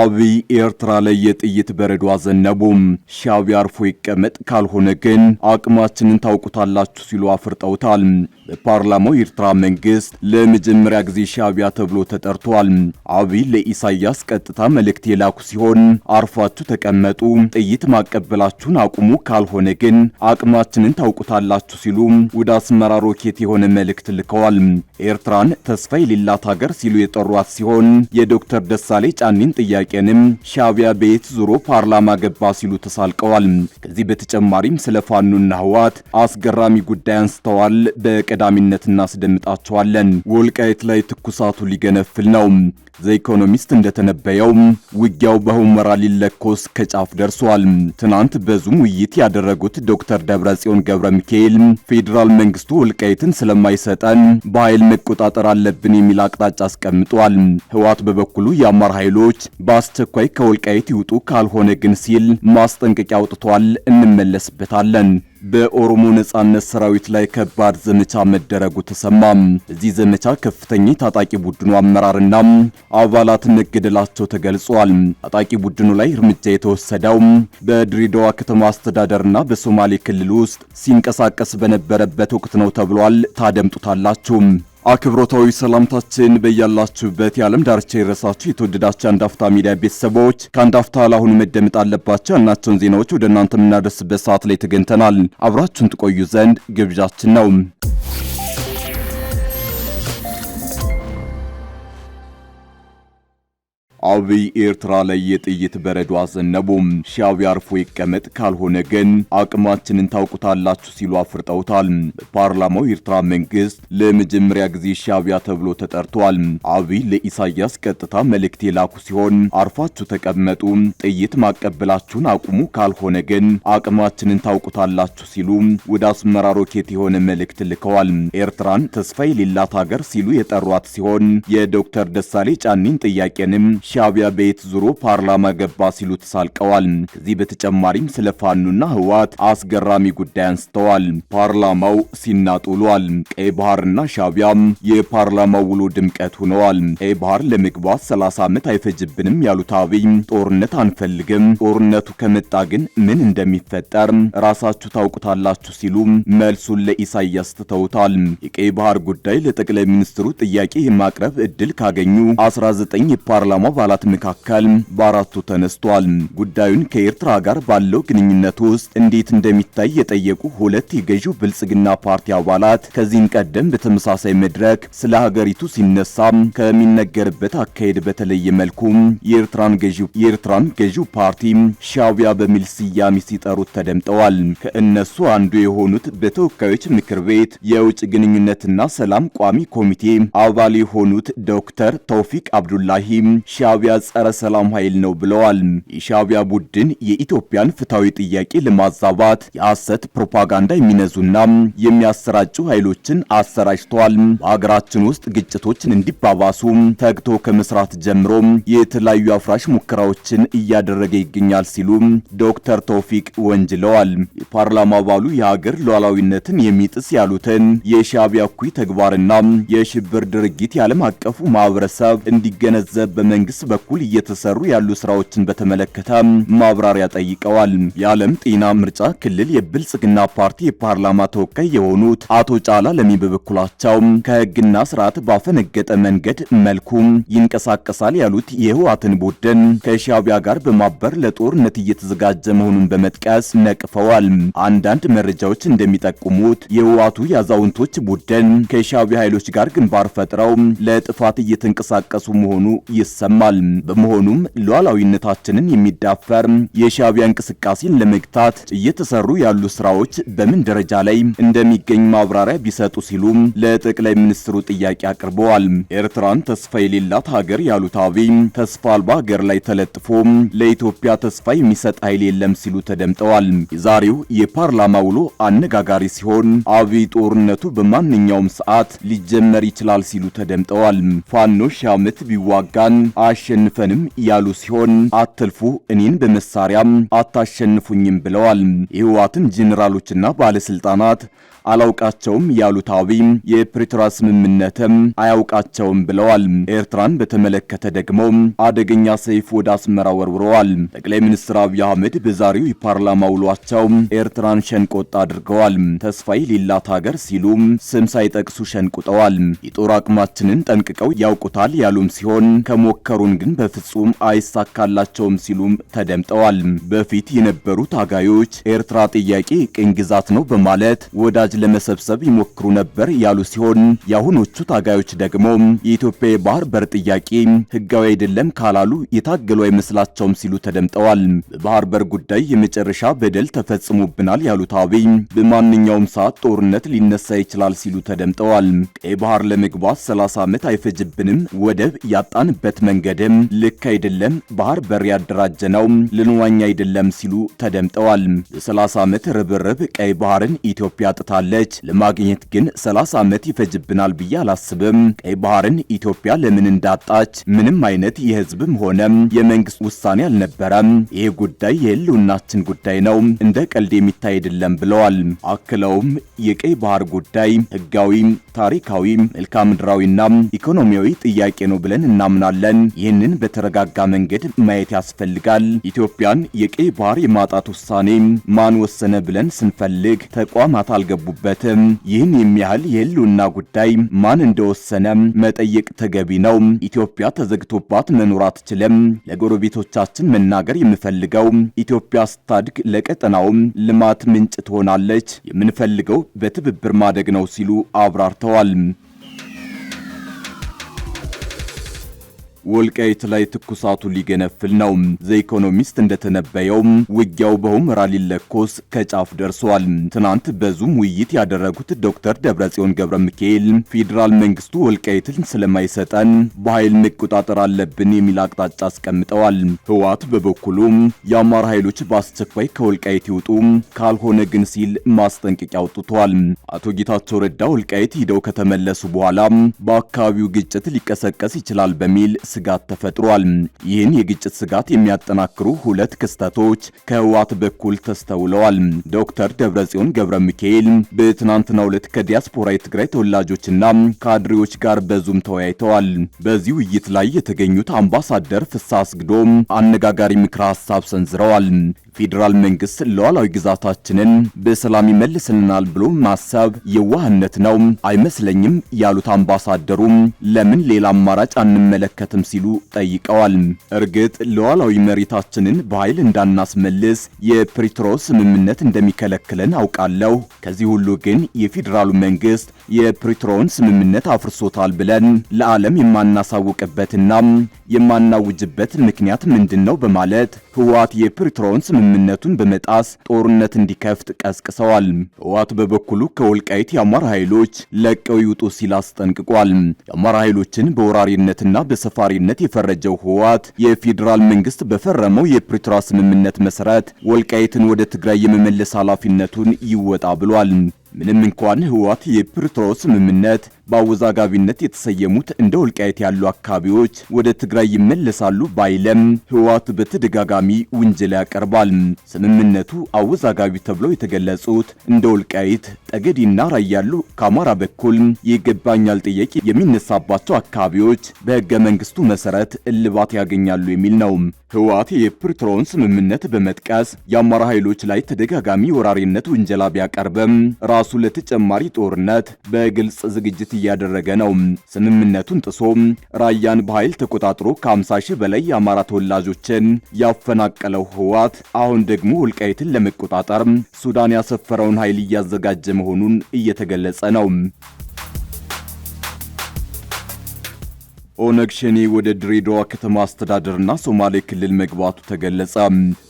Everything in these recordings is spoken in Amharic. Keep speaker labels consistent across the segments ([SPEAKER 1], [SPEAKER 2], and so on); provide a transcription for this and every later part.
[SPEAKER 1] አብይ ኤርትራ ላይ የጥይት በረዶ አዘነቡም። ሻቢያ አርፎ ይቀመጥ፣ ካልሆነ ግን አቅማችንን ታውቁታላችሁ ሲሉ አፍርጠውታል። በፓርላማው የኤርትራ መንግስት ለመጀመሪያ ጊዜ ሻቢያ ተብሎ ተጠርቷል። አብይ ለኢሳያስ ቀጥታ መልእክት የላኩ ሲሆን አርፋችሁ ተቀመጡ፣ ጥይት ማቀበላችሁን አቁሙ፣ ካልሆነ ግን አቅማችንን ታውቁታላችሁ ሲሉ ወደ አስመራ ሮኬት የሆነ መልእክት ልከዋል። ኤርትራን ተስፋ የሌላት ሀገር ሲሉ የጠሯት ሲሆን የዶክተር ደሳሌ ጫኔን ጥያቄንም ሻቢያ ቤት ዞሮ ፓርላማ ገባ ሲሉ ተሳልቀዋል። ከዚህ በተጨማሪም ስለ ፋኖና ህወሓት አስገራሚ ጉዳይ አንስተዋል። በቀዳሚነት እናስደምጣቸዋለን። ወልቃይት ላይ ትኩሳቱ ሊገነፍል ነው። ዘ ኢኮኖሚስት እንደተነበየው ውጊያው በሁመራ ሊለኮስ ከጫፍ ደርሷል። ትናንት በዙም ውይይት ያደረጉት ዶክተር ደብረጽዮን ገብረ ሚካኤል ፌዴራል መንግስቱ ወልቃይትን ስለማይሰጠን በኃይል መቆጣጠር አለብን የሚል አቅጣጫ አስቀምጧል። ህወሓት በበኩሉ የአማራ ኃይሎች በአስቸኳይ ከወልቃይት ይውጡ ካልሆነ ግን ሲል ማስጠንቀቂያ አውጥቷል። እንመለስበታለን። በኦሮሞ ነጻነት ሰራዊት ላይ ከባድ ዘመቻ መደረጉ ተሰማ። እዚህ ዘመቻ ከፍተኛ ታጣቂ ቡድኑ አመራርና አባላት መገደላቸው ተገልጿል። ታጣቂ ቡድኑ ላይ እርምጃ የተወሰደው በድሬዳዋ ከተማ አስተዳደርና በሶማሌ ክልል ውስጥ ሲንቀሳቀስ በነበረበት ወቅት ነው ተብሏል። ታደምጡታላችሁ። አክብሮታዊ ሰላምታችን በያላችሁበት የዓለም ዳርቻ የረሳችሁ የተወደዳችሁ አንዳፍታ ሚዲያ ቤተሰቦች ከአንዳፍታ ለአሁኑ መደመጥ አለባቸው ያናቸውን ዜናዎች ወደ እናንተ የምናደርስበት ሰዓት ላይ ተገኝተናል። አብራችሁን ትቆዩ ዘንድ ግብዣችን ነው። አብይ ኤርትራ ላይ የጥይት በረዶ አዘነቡ። ሻዕቢያ አርፎ ይቀመጥ፣ ካልሆነ ግን አቅማችንን ታውቁታላችሁ ሲሉ አፍርጠውታል። በፓርላማው የኤርትራ መንግስት ለመጀመሪያ ጊዜ ሻዕቢያ ተብሎ ተጠርቷል። አብይ ለኢሳያስ ቀጥታ መልእክት የላኩ ሲሆን አርፋችሁ ተቀመጡ፣ ጥይት ማቀበላችሁን አቁሙ፣ ካልሆነ ግን አቅማችንን ታውቁታላችሁ ሲሉ ወደ አስመራ ሮኬት የሆነ መልእክት ልከዋል። ኤርትራን ተስፋ የሌላት ሀገር ሲሉ የጠሯት ሲሆን የዶክተር ደሳሌ ጫኔን ጥያቄንም ሻቢያ ቤት ዙሮ ፓርላማ ገባ ሲሉ ተሳልቀዋል። ከዚህ በተጨማሪም ስለ ፋኖና ህወሓት አስገራሚ ጉዳይ አንስተዋል። ፓርላማው ሲናጡሏል። ቀይ ቀይ ባህርና ሻቢያም የፓርላማው ውሎ ድምቀት ሆነዋል። ቀይ ባህር ለመግባት 30 ዓመት አይፈጅብንም ያሉት አብይ ጦርነት አንፈልግም፣ ጦርነቱ ከመጣ ግን ምን እንደሚፈጠር ራሳችሁ ታውቁታላችሁ ሲሉ መልሱን ለኢሳያስ ትተውታል። የቀይ ባህር ጉዳይ ለጠቅላይ ሚኒስትሩ ጥያቄ የማቅረብ ዕድል ካገኙ 19 የፓርላማ አባላት መካከል በአራቱ ተነስቷል። ጉዳዩን ከኤርትራ ጋር ባለው ግንኙነት ውስጥ እንዴት እንደሚታይ የጠየቁ ሁለት የገዢው ብልጽግና ፓርቲ አባላት ከዚህም ቀደም በተመሳሳይ መድረክ ስለ ሀገሪቱ ሲነሳ ከሚነገርበት አካሄድ በተለየ መልኩ የኤርትራን ገዢው ፓርቲ ሻቢያ በሚል ስያሜ ሲጠሩት ተደምጠዋል። ከእነሱ አንዱ የሆኑት በተወካዮች ምክር ቤት የውጭ ግንኙነትና ሰላም ቋሚ ኮሚቴ አባል የሆኑት ዶክተር ተውፊቅ አብዱላሂ የሻቢያ ጸረ ሰላም ኃይል ነው ብለዋል። የሻቢያ ቡድን የኢትዮጵያን ፍትሐዊ ጥያቄ ለማዛባት የሐሰት ፕሮፓጋንዳ የሚነዙና የሚያሰራጩ ኃይሎችን አሰራጭተዋል። በሀገራችን ውስጥ ግጭቶችን እንዲባባሱ ተግቶ ከመስራት ጀምሮ የተለያዩ አፍራሽ ሙከራዎችን እያደረገ ይገኛል ሲሉ ዶክተር ተውፊቅ ወንጅለዋል። የፓርላማ አባሉ የሀገር ሉዓላዊነትን የሚጥስ ያሉትን የሻቢያ እኩይ ተግባርና የሽብር ድርጊት የዓለም አቀፉ ማህበረሰብ እንዲገነዘብ በመንግስት በኩል እየተሰሩ ያሉ ስራዎችን በተመለከተ ማብራሪያ ጠይቀዋል። የዓለም ጤና ምርጫ ክልል የብልጽግና ፓርቲ የፓርላማ ተወካይ የሆኑት አቶ ጫላ ለሚ በበኩላቸው ከህግና ስርዓት ባፈነገጠ መንገድ መልኩ ይንቀሳቀሳል ያሉት የህወሓትን ቡድን ከሻቢያ ጋር በማበር ለጦርነት እየተዘጋጀ መሆኑን በመጥቀስ ነቅፈዋል። አንዳንድ መረጃዎች እንደሚጠቁሙት የህወሓቱ የአዛውንቶች ቡድን ከሻቢያ ኃይሎች ጋር ግንባር ፈጥረው ለጥፋት እየተንቀሳቀሱ መሆኑ ይሰማል። ይሰማል። በመሆኑም ሉዓላዊነታችንን የሚዳፈር የሻቢያ እንቅስቃሴን ለመግታት እየተሰሩ ያሉ ስራዎች በምን ደረጃ ላይ እንደሚገኝ ማብራሪያ ቢሰጡ ሲሉ ለጠቅላይ ሚኒስትሩ ጥያቄ አቅርበዋል። ኤርትራን ተስፋ የሌላት ሀገር ያሉት አብይ ተስፋ አልባ ሀገር ላይ ተለጥፎ ለኢትዮጵያ ተስፋ የሚሰጥ ኃይል የለም ሲሉ ተደምጠዋል። የዛሬው የፓርላማ ውሎ አነጋጋሪ ሲሆን አብይ ጦርነቱ በማንኛውም ሰዓት ሊጀመር ይችላል ሲሉ ተደምጠዋል። ፋኖ ሺህ ዓመት ቢዋጋን አሸንፈንም ያሉ ሲሆን አትልፉ እኔን በመሳሪያም አታሸንፉኝም ብለዋል። የህወሓትን ጄኔራሎችና ባለስልጣናት አላውቃቸውም ያሉት አብይ የፕሪቶሪያ ስምምነትም አያውቃቸውም ብለዋል። ኤርትራን በተመለከተ ደግሞ አደገኛ ሰይፍ ወደ አስመራ ወርውረዋል። ጠቅላይ ሚኒስትር አብይ አህመድ በዛሬው የፓርላማ ውሏቸው ኤርትራን ሸንቆጥ አድርገዋል። ተስፋዬ ሌላት ሀገር ሲሉ ስም ሳይጠቅሱ ሸንቁጠዋል። የጦር አቅማችንን ጠንቅቀው ያውቁታል ያሉም ሲሆን ከሞከሩን ግን በፍጹም አይሳካላቸውም ሲሉም ተደምጠዋል። በፊት የነበሩ ታጋዮች ኤርትራ ጥያቄ ቅኝ ግዛት ነው በማለት ወዳጅ ነዳጅ ለመሰብሰብ ይሞክሩ ነበር ያሉ ሲሆን የአሁኖቹ ታጋዮች ደግሞ የኢትዮጵያ የባህር በር ጥያቄ ህጋዊ አይደለም ካላሉ የታገሉ አይመስላቸውም ሲሉ ተደምጠዋል። በባህር በር ጉዳይ የመጨረሻ በደል ተፈጽሞብናል ያሉት አብይ በማንኛውም ሰዓት ጦርነት ሊነሳ ይችላል ሲሉ ተደምጠዋል። ቀይ ባህር ለመግባት 30 ዓመት አይፈጅብንም፣ ወደብ ያጣንበት መንገድም ልክ አይደለም፣ ባህር በር ያደራጀ ነው፣ ልንዋኝ አይደለም ሲሉ ተደምጠዋል። ለ30 ዓመት ርብርብ ቀይ ባህርን ኢትዮጵያ ጥታል ትችላለች። ለማግኘት ግን 30 ዓመት ይፈጅብናል ብዬ አላስብም። ቀይ ባህርን ኢትዮጵያ ለምን እንዳጣች ምንም አይነት የህዝብም ሆነ የመንግስት ውሳኔ አልነበረም። ይህ ጉዳይ የህልውናችን ጉዳይ ነው፣ እንደ ቀልድ የሚታይ አይደለም ብለዋል። አክለውም የቀይ ባህር ጉዳይ ህጋዊ፣ ታሪካዊ፣ መልክዓ ምድራዊና ኢኮኖሚያዊ ጥያቄ ነው ብለን እናምናለን። ይህንን በተረጋጋ መንገድ ማየት ያስፈልጋል። ኢትዮጵያን የቀይ ባህር የማጣት ውሳኔ ማን ወሰነ ብለን ስንፈልግ ተቋማት አልገቡ አልገቡበትም። ይህን የሚያህል የህልውና ጉዳይ ማን እንደወሰነ መጠየቅ ተገቢ ነው። ኢትዮጵያ ተዘግቶባት መኖር አትችልም። ለጎረቤቶቻችን መናገር የምፈልገው ኢትዮጵያ ስታድግ ለቀጠናውም ልማት ምንጭ ትሆናለች። የምንፈልገው በትብብር ማደግ ነው ሲሉ አብራርተዋል። ወልቃይት ላይ ትኩሳቱ ሊገነፍል ነው። ኢኮኖሚስት እንደተነበየው ውጊያው በሁመራ ሊለኮስ ከጫፍ ደርሷል። ትናንት በዙም ውይይት ያደረጉት ዶክተር ደብረጽዮን ገብረ ሚካኤል ፌዴራል መንግስቱ ወልቃይትን ስለማይሰጠን በኃይል መቆጣጠር አለብን የሚል አቅጣጫ አስቀምጠዋል። ህወሓት በበኩሉ የአማራ ኃይሎች በአስቸኳይ ከወልቃይት ይውጡ፣ ካልሆነ ግን ሲል ማስጠንቀቂያ አውጥቷል። አቶ ጌታቸው ረዳ ወልቃይት ሂደው ከተመለሱ በኋላ በአካባቢው ግጭት ሊቀሰቀስ ይችላል በሚል ስጋት ተፈጥሯል። ይህን የግጭት ስጋት የሚያጠናክሩ ሁለት ክስተቶች ከህወሓት በኩል ተስተውለዋል። ዶክተር ደብረጽዮን ገብረ ሚካኤል በትናንትናው ዕለት ከዲያስፖራ የትግራይ ተወላጆችና ካድሬዎች ጋር በዙም ተወያይተዋል። በዚህ ውይይት ላይ የተገኙት አምባሳደር ፍሳ አስግዶም አነጋጋሪ ምክረ ሀሳብ ሰንዝረዋል። ፌዴራል መንግስት ሉዓላዊ ግዛታችንን በሰላም ይመልስልናል ብሎ ማሰብ የዋህነት ነው አይመስለኝም ያሉት አምባሳደሩም ለምን ሌላ አማራጭ አንመለከትም ሲሉ ጠይቀዋል። እርግጥ ሉዓላዊ መሬታችንን በኃይል እንዳናስመልስ የፕሪትሮ ስምምነት እንደሚከለክለን አውቃለሁ። ከዚህ ሁሉ ግን የፌዴራሉ መንግስት የፕሪትሮን ስምምነት አፍርሶታል ብለን ለዓለም የማናሳውቅበትና የማናውጅበት ምክንያት ምንድን ነው? በማለት ህወሓት የፕሪቶሪያውን ስምምነቱን በመጣስ ጦርነት እንዲከፍት ቀስቅሰዋል። ህወሓት በበኩሉ ከወልቃይት የአማራ ኃይሎች ለቀው ይውጡ ሲል አስጠንቅቋል። የአማራ ኃይሎችን በወራሪነትና በሰፋሪነት የፈረጀው ህወሓት የፌዴራል መንግስት በፈረመው የፕሪቶሪያ ስምምነት መሰረት ወልቃይትን ወደ ትግራይ የመመለስ ኃላፊነቱን ይወጣ ብሏል። ምንም እንኳን ህወሓት የፕሪቶሪያው ስምምነት በአወዛጋቢነት የተሰየሙት እንደ ወልቃይት ያሉ አካባቢዎች ወደ ትግራይ ይመለሳሉ ባይለም ህወሓት በተደጋጋሚ ውንጀላ ያቀርባል። ስምምነቱ አወዛጋቢ ተብለው የተገለጹት እንደ ወልቃይት፣ ጠገዴና ራያ ያሉ ከአማራ በኩል ይገባኛል ጥያቄ የሚነሳባቸው አካባቢዎች በህገ መንግስቱ መሰረት እልባት ያገኛሉ የሚል ነው። ህወሓት የፕሪቶሪያውን ስምምነት በመጥቀስ የአማራ ኃይሎች ላይ ተደጋጋሚ ወራሪነት ውንጀላ ቢያቀርበም ራሱ ለተጨማሪ ጦርነት በግልጽ ዝግጅት እያደረገ ነው። ስምምነቱን ጥሶ ራያን በኃይል ተቆጣጥሮ ከ50 ሺህ በላይ የአማራ ተወላጆችን ያፈናቀለው ህወሓት አሁን ደግሞ ወልቃይትን ለመቆጣጠር ሱዳን ያሰፈረውን ኃይል እያዘጋጀ መሆኑን እየተገለጸ ነው። ኦነግ ሸኔ ወደ ድሬዳዋ ከተማ አስተዳደርና ሶማሌ ክልል መግባቱ ተገለጸ።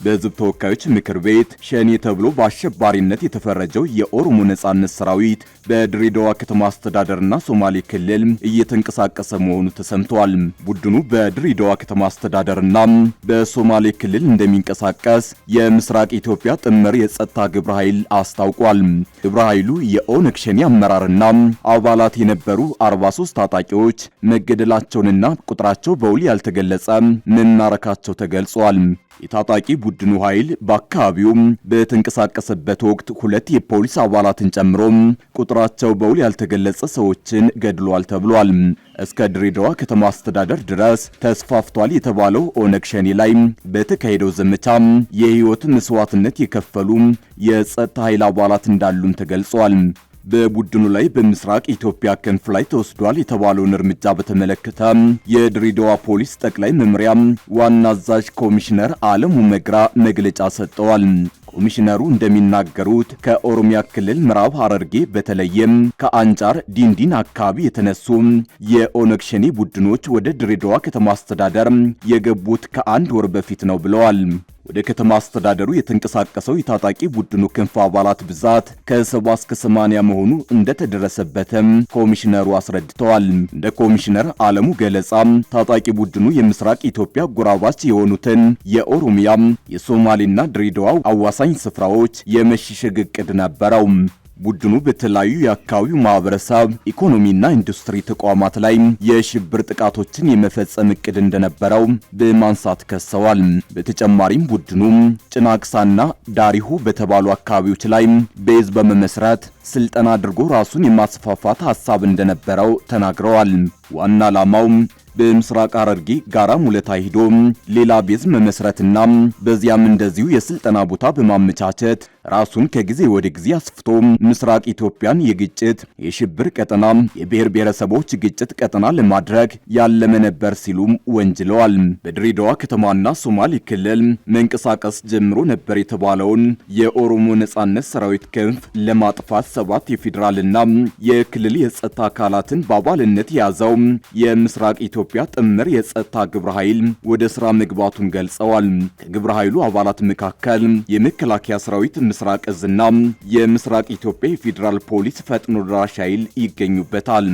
[SPEAKER 1] በህዝብ ተወካዮች ምክር ቤት ሸኔ ተብሎ በአሸባሪነት የተፈረጀው የኦሮሞ ነጻነት ሰራዊት በድሬዳዋ ከተማ አስተዳደርና ሶማሌ ክልል እየተንቀሳቀሰ መሆኑ ተሰምቷል። ቡድኑ በድሬዳዋ ከተማ አስተዳደርና በሶማሌ ክልል እንደሚንቀሳቀስ የምስራቅ ኢትዮጵያ ጥምር የጸጥታ ግብረ ኃይል አስታውቋል። ግብረ ኃይሉ የኦነግ ሸኔ አመራርና አባላት የነበሩ 43 ታጣቂዎች መገደላቸው መሆናቸውንና ቁጥራቸው በውል ያልተገለጸ መማረካቸው ተገልጿል። የታጣቂ ቡድኑ ኃይል በአካባቢው በተንቀሳቀሰበት ወቅት ሁለት የፖሊስ አባላትን ጨምሮ ቁጥራቸው በውል ያልተገለጸ ሰዎችን ገድሏል ተብሏል። እስከ ድሬዳዋ ከተማ አስተዳደር ድረስ ተስፋፍቷል የተባለው ኦነግ ሸኔ ላይ በተካሄደው ዘመቻ የህይወት መስዋዕትነት የከፈሉ የጸጥታ ኃይል አባላት እንዳሉም ተገልጿል። በቡድኑ ላይ በምስራቅ ኢትዮጵያ ክንፍ ላይ ተወስዷል የተባለውን እርምጃ በተመለከተ የድሬዳዋ ፖሊስ ጠቅላይ መምሪያ ዋና አዛዥ ኮሚሽነር አለሙ መግራ መግለጫ ሰጥተዋል። ኮሚሽነሩ እንደሚናገሩት ከኦሮሚያ ክልል ምዕራብ ሐረርጌ በተለይም ከአንጫር ዲንዲን አካባቢ የተነሱ የኦነግ ሸኔ ቡድኖች ወደ ድሬዳዋ ከተማ አስተዳደር የገቡት ከአንድ ወር በፊት ነው ብለዋል። ወደ ከተማ አስተዳደሩ የተንቀሳቀሰው የታጣቂ ቡድኑ ክንፍ አባላት ብዛት ከሰባ እስከ ሰማንያ መሆኑ እንደተደረሰበትም ኮሚሽነሩ አስረድተዋል። እንደ ኮሚሽነር አለሙ ገለጻ ታጣቂ ቡድኑ የምስራቅ ኢትዮጵያ ጎራባች የሆኑትን የኦሮሚያ የሶማሌና ድሬዳዋ አዋሳኝ ስፍራዎች የመሸሸግ እቅድ ነበረው። ቡድኑ በተለያዩ የአካባቢው ማህበረሰብ ኢኮኖሚና ኢንዱስትሪ ተቋማት ላይ የሽብር ጥቃቶችን የመፈጸም እቅድ እንደነበረው በማንሳት ከሰዋል። በተጨማሪም ቡድኑ ጭናቅሳና ዳሪሁ በተባሉ አካባቢዎች ላይ ቤዝ በመመስረት ስልጠና አድርጎ ራሱን የማስፋፋት ሐሳብ እንደነበረው ተናግረዋል። ዋና ዓላማው በምስራቅ ሐረርጌ ጋራ ሙለታ ሂዶ ሌላ ቤዝ መመስረትና በዚያም እንደዚሁ የስልጠና ቦታ በማመቻቸት ራሱን ከጊዜ ወደ ጊዜ አስፍቶ ምስራቅ ኢትዮጵያን የግጭት የሽብር ቀጠና፣ የብሔር ብሔረሰቦች ግጭት ቀጠና ለማድረግ ያለመ ነበር ሲሉም ወንጅለዋል። በድሬዳዋ ከተማና ሶማሌ ክልል መንቀሳቀስ ጀምሮ ነበር የተባለውን የኦሮሞ ነጻነት ሰራዊት ክንፍ ለማጥፋት ሰባት የፌዴራልና የክልል የጸጥታ አካላትን በአባልነት የያዘው የምስራቅ ኢትዮጵያ ጥምር የጸጥታ ግብረ ኃይል ወደ ስራ መግባቱን ገልጸዋል። ከግብረ ኃይሉ አባላት መካከል የመከላከያ ሰራዊት ምስራቅ እዝና የምስራቅ ኢትዮጵያ የፌዴራል ፖሊስ ፈጥኖ ደራሽ ኃይል ይገኙበታል።